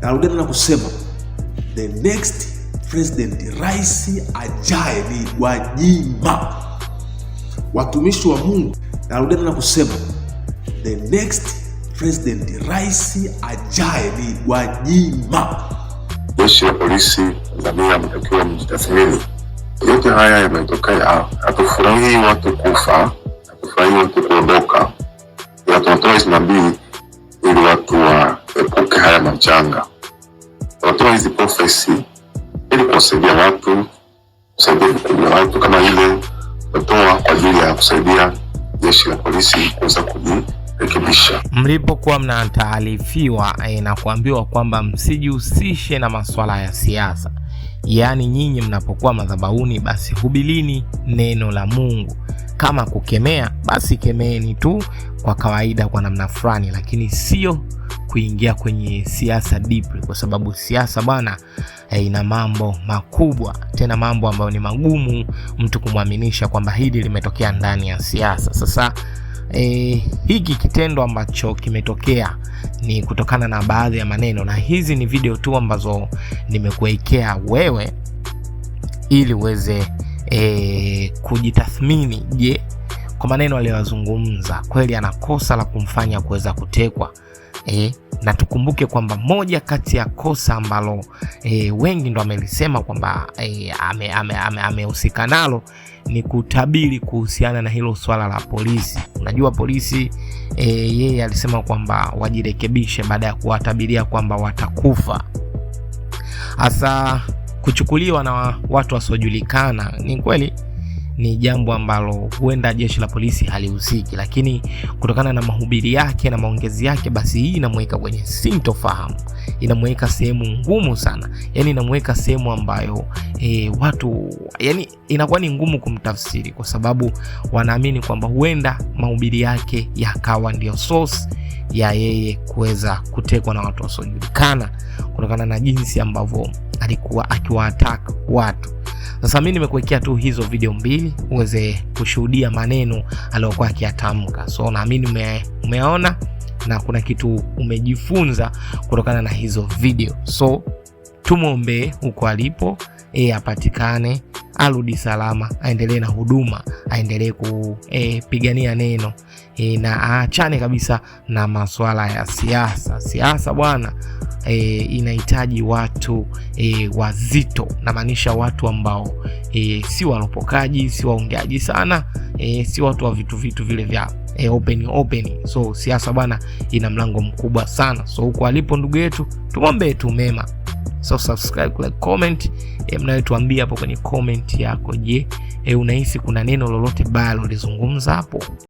Narudia na kusema the next president, rais ajaye ni Gwajima. Watumishi wa Mungu, narudia na kusema the next president, rais ajaye ni Gwajima. Jeshi la polisi, ngamia mtakiwa mjitathmini. Yote haya yametokea, hatufurahii watu kufa, hatufurahii watu kuondoka, tunatoa hizi nabii ili watu wa tuepuke haya majanga. Tunatoa hizi profesi ili kuwasaidia watu, kusaidia vikundi vya watu kama ile watoa kwa ajili ya kusaidia jeshi la polisi kuweza kujirekebisha. Mlipokuwa mnataarifiwa eh, na kuambiwa kwamba msijihusishe na masuala ya siasa, yaani nyinyi mnapokuwa madhabahuni, basi hubilini neno la Mungu. Kama kukemea, basi kemeeni tu kwa kawaida, kwa namna fulani, lakini sio kuingia kwenye siasa deep, kwa sababu siasa bwana eh, ina mambo makubwa, tena mambo ambayo ni magumu mtu kumwaminisha kwamba hili limetokea ndani ya siasa. Sasa eh, hiki kitendo ambacho kimetokea ni kutokana na baadhi ya maneno, na hizi ni video tu ambazo nimekuwekea wewe ili uweze eh, kujitathmini. Je, kwa maneno aliyowazungumza kweli ana kosa la kumfanya kuweza kutekwa? eh, na tukumbuke kwamba moja kati ya kosa ambalo eh, wengi ndo amelisema kwamba eh, amehusika ame, ame nalo ni kutabiri kuhusiana na hilo swala la polisi. Unajua polisi eh, yeye alisema kwamba wajirekebishe baada ya kuwatabiria kwamba watakufa hasa kuchukuliwa na watu wasiojulikana. Ni kweli ni jambo ambalo huenda jeshi la polisi halihusiki, lakini kutokana na mahubiri yake na maongezi yake, basi hii inamweka kwenye sintofahamu, inamweka sehemu ngumu sana, yani inamweka sehemu ambayo e, watu yani inakuwa ni ngumu kumtafsiri, kwa sababu wanaamini kwamba huenda mahubiri yake yakawa ndio source ya yeye kuweza kutekwa na watu wasiojulikana, kutokana na jinsi ambavyo alikuwa attack watu sasa mimi nimekuwekea tu hizo video mbili uweze kushuhudia maneno aliyokuwa akiyatamka. So naamini ume, umeona na kuna kitu umejifunza kutokana na hizo video. So tumwombee huko alipo, e apatikane, arudi salama, aendelee na huduma, aendelee kupigania e, neno e, na aachane kabisa na masuala ya siasa. Siasa bwana e, inahitaji watu e, wazito, namaanisha watu ambao e, si walopokaji, si waongeaji sana e, si watu wa vitu vitu vile vya e, open open. So siasa bwana ina mlango mkubwa sana. So huko alipo ndugu yetu, tumwombee tu mema. So subscribe, like, comment e, mnayotuambia hapo kwenye comment yako. Je, e, unahisi kuna neno lolote baya lolizungumza hapo?